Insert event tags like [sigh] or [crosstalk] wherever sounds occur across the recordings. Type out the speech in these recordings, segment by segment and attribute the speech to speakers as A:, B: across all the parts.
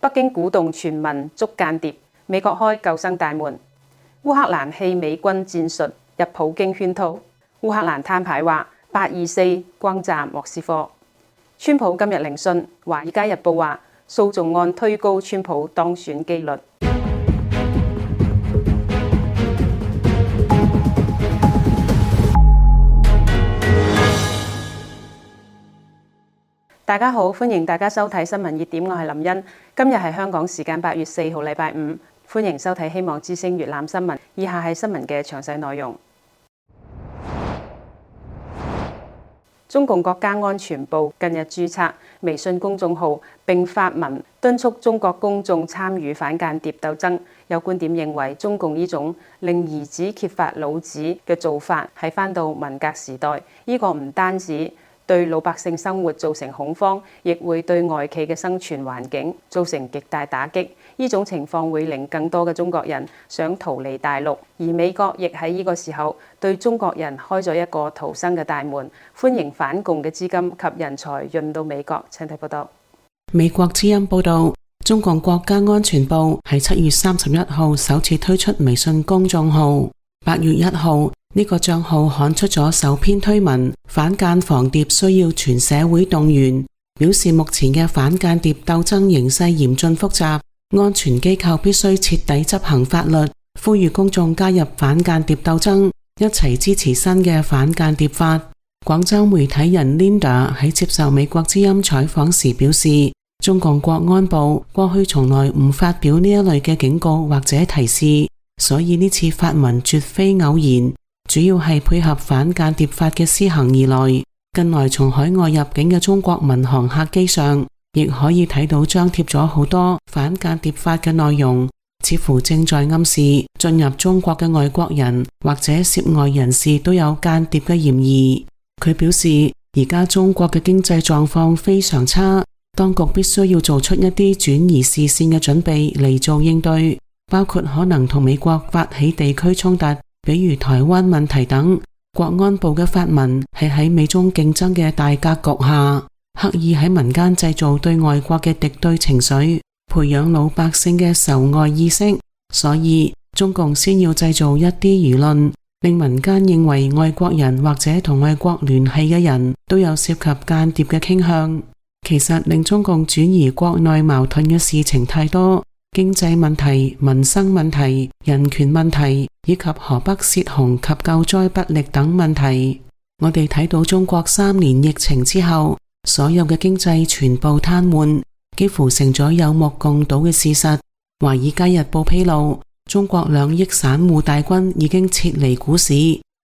A: 北京鼓動全民抓間諜，美國開救生大門；烏克蘭棄美軍戰術，入普京圈套。烏克蘭攤牌話八二四轟炸莫斯科。川普今日聆訊，《華爾街日報》話訴訟案推高川普當選機率。大家好，歡迎大家收睇新聞熱點，我係林茵。今日係香港時間八月四號，禮拜五，歡迎收睇希望之聲粵覽新聞。以下係新聞嘅詳細內容。 [noise] 中共國家安全部近日註冊微信公眾號，並發文敦促中國公眾參與反間諜鬥爭。有觀點認為，中共呢種令兒子揭發老子嘅做法，係翻到文革時代。呢、這個唔單止，對老百姓生活造成恐慌，亦會對外企嘅生存環境造成極大打擊。呢種情況會令更多嘅中國人想逃離大陸，而美國亦喺呢個時候對中國人開咗一個逃生嘅大門，歡迎反共嘅資金及人才潤到美國。請睇報道。
B: 美國之音報道，中國國家安全部喺七月三十一號首次推出微信公眾號，八月一號。呢個賬號刊出咗首篇推文，反間防諜需要全社會動員，表示目前嘅反間諜鬥爭形勢嚴峻複雜，安全機構必須徹底執行法律，呼籲公眾加入反間諜鬥爭，一齊支持新嘅反間諜法。廣州媒體人 Linda 喺接受美國之音採訪時表示，中共國安部過去從來唔發表呢一類嘅警告或者提示，所以呢次發文絕非偶然。主要係配合反間諜法嘅施行而來。近來從海外入境嘅中國民航客機上，亦可以睇到張貼咗好多反間諜法嘅內容，似乎正在暗示進入中國嘅外國人或者涉外人士都有間諜嘅嫌疑。佢表示，而家中國嘅經濟狀況非常差，當局必須要做出一啲轉移視線嘅準備嚟做應對，包括可能同美國發起地區衝突。比如台灣問題等，國安部嘅發文係喺美中競爭嘅大格局下，刻意喺民間製造對外國嘅敵對情緒，培養老百姓嘅仇外意識。所以中共先要製造一啲輿論，令民間認為外國人或者同外國聯繫嘅人都有涉及間諜嘅傾向。其實令中共轉移國內矛盾嘅事情太多。經濟問題、民生問題、人權問題以及河北泄洪及救災不力等問題，我哋睇到中國三年疫情之後，所有嘅經濟全部癱瘓，幾乎成咗有目共睹嘅事實。華爾街日報披露，中國兩億散戶大軍已經撤離股市，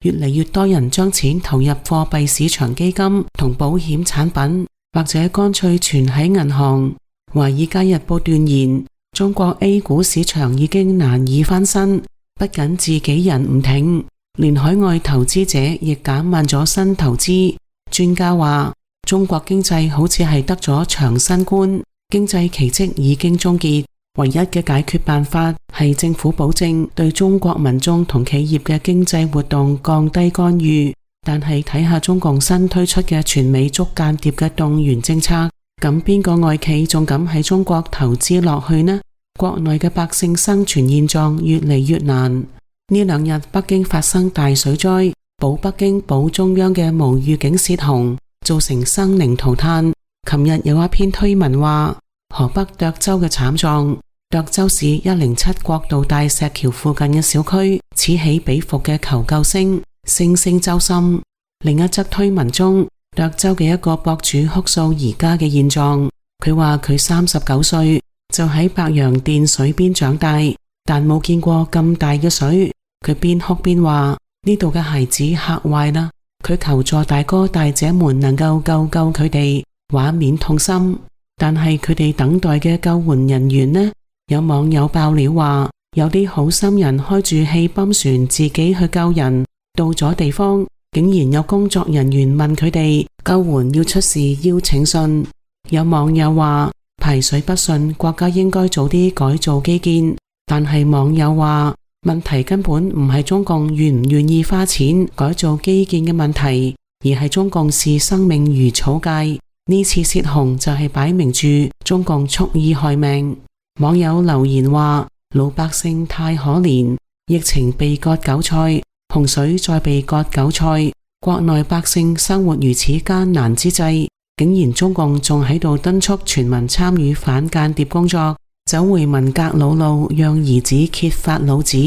B: 越嚟越多人將錢投入貨幣市場基金同保險產品，或者乾脆存喺銀行。華爾街日報斷言。中國 A 股市場已經難以翻身，不僅自己人唔挺，連海外投資者亦減慢咗新投資。專家話，中國經濟好似係得咗長新冠，經濟奇蹟已經終結，唯一嘅解決辦法係政府保證對中國民眾同企業嘅經濟活動降低干預。但係睇下中共新推出嘅全民捉間諜嘅動員政策。咁邊個外企仲敢喺中國投資落去呢？國內嘅百姓生存現狀越嚟越難。呢兩日北京發生大水災，保北京保中央嘅無預警泄洪，造成生靈塗炭。琴日有一篇推文話河北涿州嘅慘狀，涿州市一零七國道大石橋附近嘅小區，此起彼伏嘅求救聲，聲聲揪心。另一則推文中，涿州嘅一個博主哭訴而家嘅現狀，佢話佢三十九歲就喺白洋澱水邊長大，但冇見過咁大嘅水。佢邊哭邊話呢度嘅孩子嚇壞啦，佢求助大哥大姐們能夠救救佢哋，畫面痛心。但係佢哋等待嘅救援人員呢？有網友爆料話有啲好心人開住氣泵船自己去救人，到咗地方。竟然有工作人員問佢哋救援要出示邀請信。有網友話排水不順，國家應該早啲改造基建。但係網友話問題根本唔係中共願唔願意花錢改造基建嘅問題，而係中共視生命如草芥。呢次泄洪就係擺明住中共蓄意害命。網友留言話老百姓太可憐，疫情被割韭菜，洪水再被割韭菜，國內百姓生活如此艱難之際，竟然中共仲喺度敦促全民參與反間諜工作，走回文革老路，讓兒子揭發老子，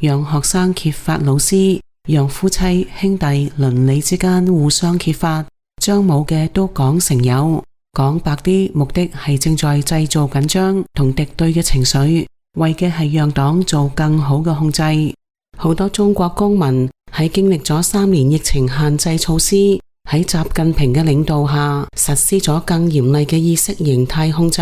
B: 讓學生揭發老師，讓夫妻兄弟鄰里之間互相揭發，將冇嘅都講成有，講白啲，目的係正在製造緊張同敵對嘅情緒，為嘅係讓黨做更好嘅控制。好多中國公民喺經歷咗三年疫情限制措施，喺習近平嘅領導下實施咗更嚴厲嘅意識形態控制，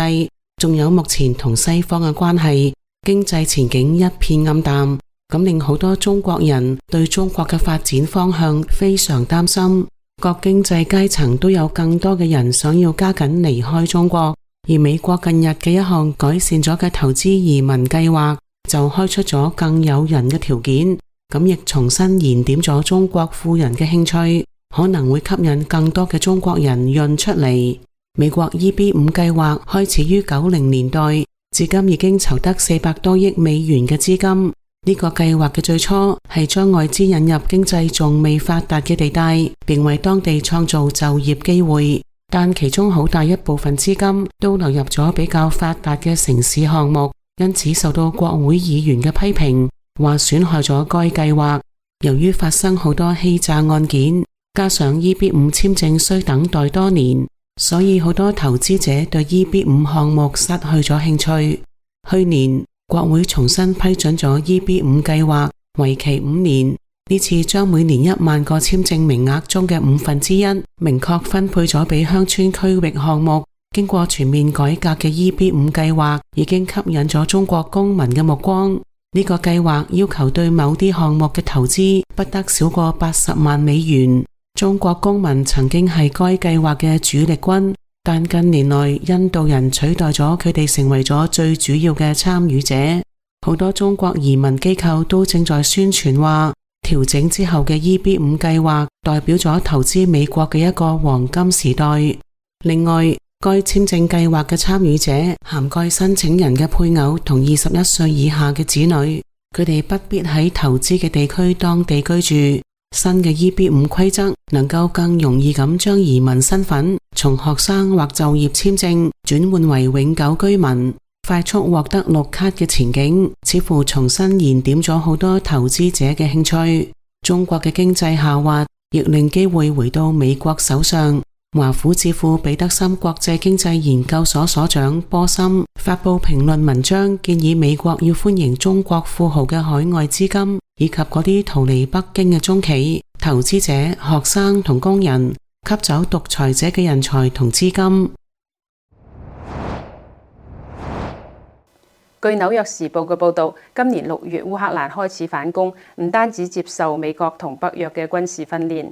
B: 仲有目前同西方嘅關係、經濟前景一片暗淡，咁令好多中國人對中國嘅發展方向非常擔心。各經濟階層都有更多嘅人想要加緊離開中國，而美國近日嘅一項改善咗嘅投資移民計劃。就開出咗更誘人嘅條件，咁亦重新燃點咗中國富人嘅興趣，可能會吸引更多嘅中國人潤出嚟。美國 EB 五計劃開始於九零年代，至今已經籌得四百多億美元嘅資金。呢個計劃嘅最初係將外資引入經濟仲未發達嘅地帶，並為當地創造就業機會，但其中好大一部分資金都流入咗比較發達嘅城市項目。因此受到國會議員嘅批評，話損害咗該計劃。由於發生好多欺詐案件，加上 E B 五簽證需等待多年，所以好多投資者對 E B 五項目失去咗興趣。去年國會重新批准咗 E B 五計劃，為期五年。呢次將每年一萬個簽證名額中嘅五分之一，明確分配咗俾鄉村區域項目。經過全面改革嘅 EB 五計劃已經吸引咗中國公民嘅目光。呢個計劃要求對某啲項目嘅投資不得少過八十萬美元。中國公民曾經係該計劃嘅主力軍，但近年來印度人取代咗佢哋，成為咗最主要嘅參與者。好多中國移民機構都正在宣傳話，調整之後嘅 EB 五計劃代表咗投資美國嘅一個黃金時代。另外，該簽證計劃嘅參與者涵蓋申請人嘅配偶同二十一歲以下嘅子女，佢哋不必喺投資嘅地區當地居住。新嘅 EB 五規則能夠更容易咁將移民身份從學生或就業簽證轉換為永久居民，快速獲得綠卡嘅前景，似乎重新燃點咗好多投資者嘅興趣。中國嘅經濟下滑亦令機會回到美國手上。華府智庫彼得森國際經濟研究所所長波森發布評論文章，建議美國要歡迎中國富豪嘅海外資金，以及嗰啲逃離北京嘅中企、投資者、學生同工人，吸走獨裁者嘅人才同資金。
A: 據紐約時報嘅報道，今年六月烏克蘭開始反攻，唔單止接受美國同北約嘅軍事訓練。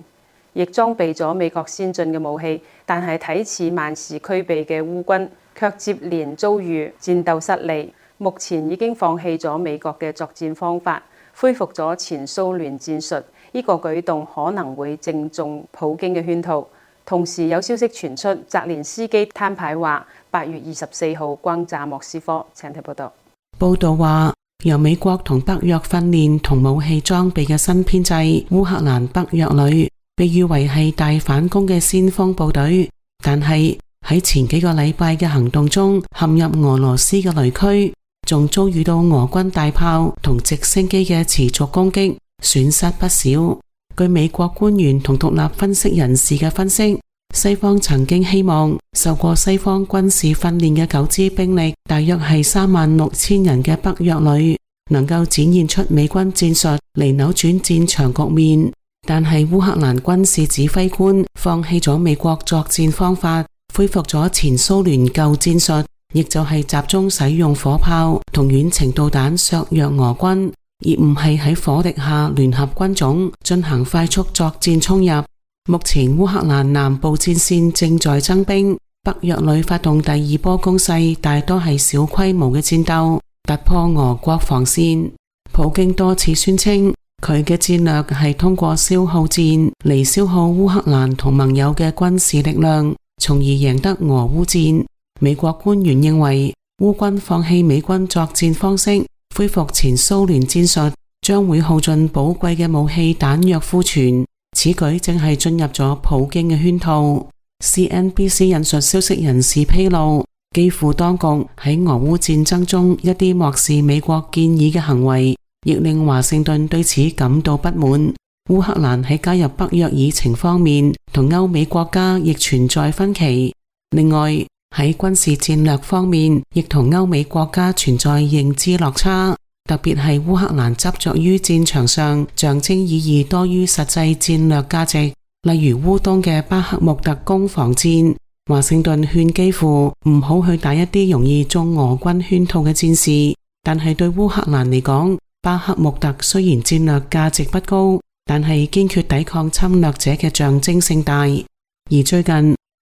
A: 亦裝備咗美國先進嘅武器，但係睇似萬事俱備嘅烏軍卻接連遭遇戰鬥失利。目前已經放棄咗美國嘅作戰方法，恢復咗前蘇聯戰術。呢個舉動可能會正中普京嘅圈套。同時有消息傳出，澤連斯基攤牌話：八月二十四號轟炸莫斯科。請睇報道。
B: 報道話由美國同北約訓練同武器裝備嘅新編制烏克蘭北約旅。被譽為係大反攻嘅先鋒部隊，但係喺前幾個禮拜嘅行動中，陷入俄羅斯嘅雷區，仲遭遇到俄軍大炮同直升機嘅持續攻擊，損失不少。據美國官員同獨立分析人士嘅分析，西方曾經希望受過西方軍事訓練嘅九支兵力，大約係三萬六千人嘅北約旅，能夠展現出美軍戰術，嚟扭轉戰場局面。但係烏克蘭軍事指揮官放棄咗美國作戰方法，恢復咗前蘇聯舊戰術，亦就係集中使用火炮同遠程導彈削弱俄軍，而唔係喺火力下聯合軍種進行快速作戰衝入。目前烏克蘭南部戰線正在增兵，北約裏發動第二波攻勢，大多係小規模嘅戰鬥突破俄國防線。普京多次宣稱。佢嘅戰略係通過消耗戰嚟消耗烏克蘭同盟友嘅軍事力量，從而贏得俄烏戰。美國官員認為，烏軍放棄美軍作戰方式，恢復前蘇聯戰術，將會耗盡寶貴嘅武器彈藥庫存。此舉正係進入咗普京嘅圈套。CNBC 引述消息人士披露，幾乎當局喺俄烏戰爭中一啲漠視美國建議嘅行為。亦令華盛頓對此感到不滿。烏克蘭喺加入北約議程方面，同歐美國家亦存在分歧。另外，喺軍事戰略方面，亦同歐美國家存在認知落差。特別係烏克蘭執着於戰場上象徵意義多於實際戰略價值，例如烏東嘅巴克穆特攻防戰。華盛頓勸基輔唔好去打一啲容易中俄軍圈套嘅戰事，但係對烏克蘭嚟講，巴克穆特雖然戰略價值不高，但係堅決抵抗侵略者嘅象徵性大。而最近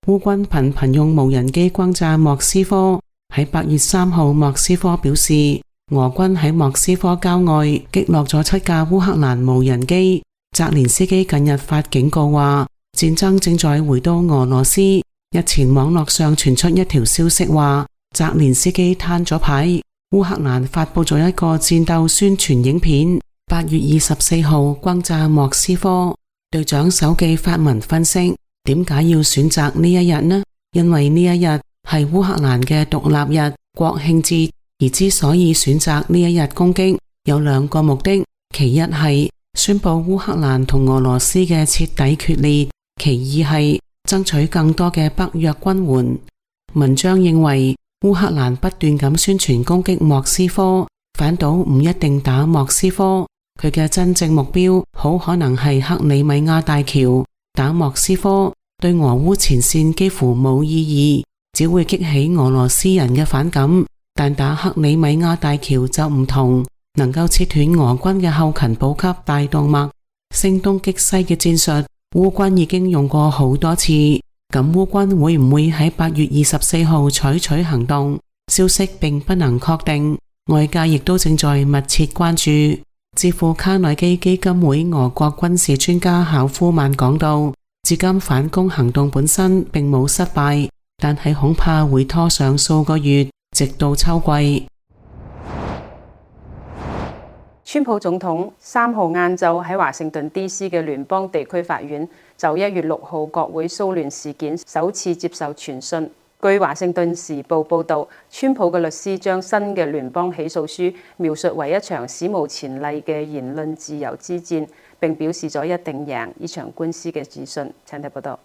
B: 烏軍頻頻用無人機轟炸莫斯科。喺八月三號，莫斯科表示俄軍喺莫斯科郊外擊落咗七架烏克蘭無人機。澤連斯基近日發警告話，戰爭正在回到俄羅斯。日前網絡上傳出一條消息話，澤連斯基攤咗牌。烏克蘭發佈咗一個戰鬥宣傳影片。八月二十四號轟炸莫斯科，隊長手記發文分析，點解要選擇呢一日呢？因為呢一日係烏克蘭嘅獨立日國慶節，而之所以選擇呢一日攻擊，有兩個目的。其一係宣佈烏克蘭同俄羅斯嘅徹底決裂；其二係爭取更多嘅北約軍援。文章認為。烏克蘭不斷咁宣傳攻擊莫斯科，反倒唔一定打莫斯科，佢嘅真正目標好可能係克里米亞大橋。打莫斯科對俄烏前線幾乎冇意義，只會激起俄羅斯人嘅反感。但打克里米亞大橋就唔同，能夠切斷俄軍嘅後勤補給大動脈。聲東擊西嘅戰術，烏軍已經用過好多次。咁烏軍會唔會喺八月二十四號採取行動？消息並不能確定，外界亦都正在密切關注。智庫卡內基基金會俄國軍事專家考夫曼講到：至今反攻行動本身並冇失敗，但係恐怕會拖上數個月，直到秋季。
A: 川普總統三號晏晝喺華盛頓 D.C. 嘅聯邦地區法院就一月六號國會蘇聯事件首次接受傳訊。據《華盛頓時報》報導，川普嘅律師將新嘅聯邦起訴書描述為一場史無前例嘅言論自由之戰，並表示咗一定贏呢場官司嘅自信。請睇報道。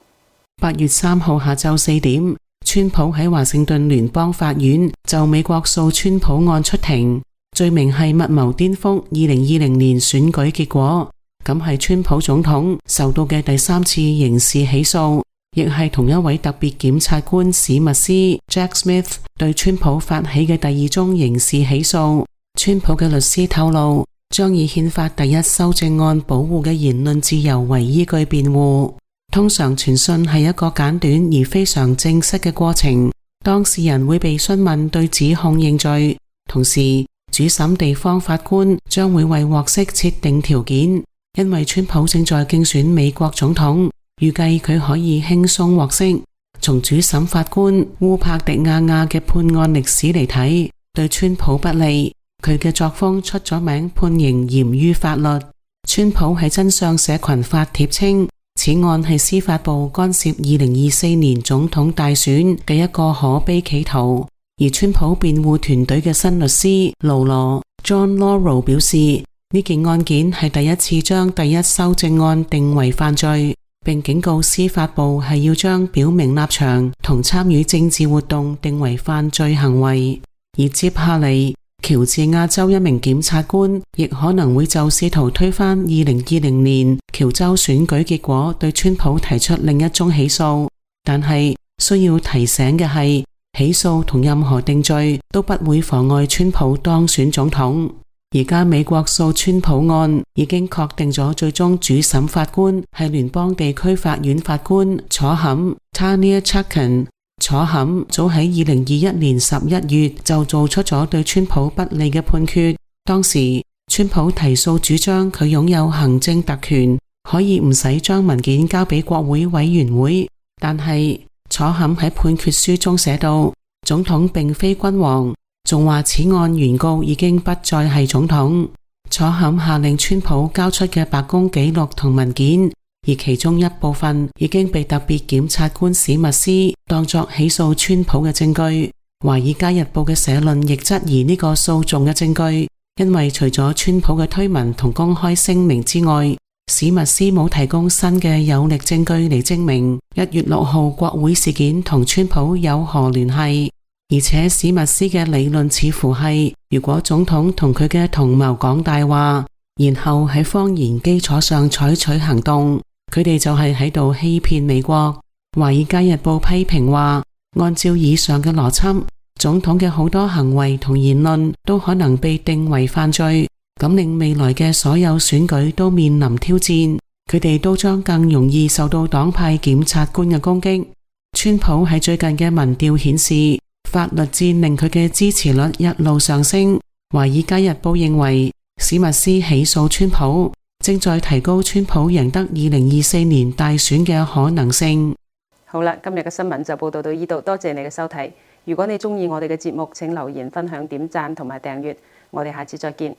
B: 八月三號下晝四點，川普喺華盛頓聯邦法院就美國訴川普案出庭，罪名係密謀顛覆二零二零年選舉結果。咁係川普總統受到嘅第三次刑事起訴，亦係同一位特別檢察官史密斯 Jack Smith 對川普發起嘅第二宗刑事起訴。川普嘅律師透露，將以憲法第一修正案保護嘅言論自由為依據辯護。通常傳訊係一個簡短而非常正式嘅過程，當事人會被詢問對指控認罪，同時主審地方法官將會為獲釋設定條件。因為川普正在競選美國總統，預計佢可以輕鬆獲釋。從主審法官烏帕迪亞亞嘅判案歷史嚟睇，對川普不利。佢嘅作風出咗名，判刑嚴於法律。川普喺真相社群發帖稱，此案係司法部干涉二零二四年總統大選嘅一個可悲企圖。而川普辯護團隊嘅新律師勞羅 John Lauro 表示。呢件案件係第一次將第一修正案定為犯罪，並警告司法部係要將表明立場同參與政治活動定為犯罪行為。而接下嚟，喬治亞州一名檢察官亦可能會就試圖推翻二零二零年喬州選舉結果對川普提出另一宗起訴。但係需要提醒嘅係，起訴同任何定罪都不會妨礙川普當選總統。而家美國訴川普案已經確定咗最終主審法官係聯邦地區法院法官楚坎 Tanya Chutkan。楚坎早喺二零二一年十一月就做出咗對川普不利嘅判決。當時川普提訴主張佢擁有行政特權，可以唔使將文件交俾國會委員會。但係楚坎喺判決書中寫到，總統並非君王。仲話此案原告已經不再係總統，坐監下令川普交出嘅白宮記錄同文件，而其中一部分已經被特別檢察官史密斯當作起訴川普嘅證據。華爾街日報嘅社論亦質疑呢個訴訟嘅證據，因為除咗川普嘅推文同公開聲明之外，史密斯冇提供新嘅有力證據嚟證明一月六號國會事件同川普有何聯繫。而且史密斯嘅理論似乎係，如果總統同佢嘅同謀講大話，然後喺謊言基礎上採取行動，佢哋就係喺度欺騙美國。華爾街日報批評話，按照以上嘅邏輯，總統嘅好多行為同言論都可能被定為犯罪，咁令未來嘅所有選舉都面臨挑戰。佢哋都將更容易受到黨派檢察官嘅攻擊。川普喺最近嘅民調顯示，法律戰令佢嘅支持率一路上升，《華爾街日報》認為史密斯起訴川普正在提高川普贏得二零二四年大選嘅可能性。
A: 好啦，今日嘅新聞就報道到呢度，多謝你嘅收睇。如果你中意我哋嘅節目，請留言分享、點讚同埋訂閱。我哋下次再見。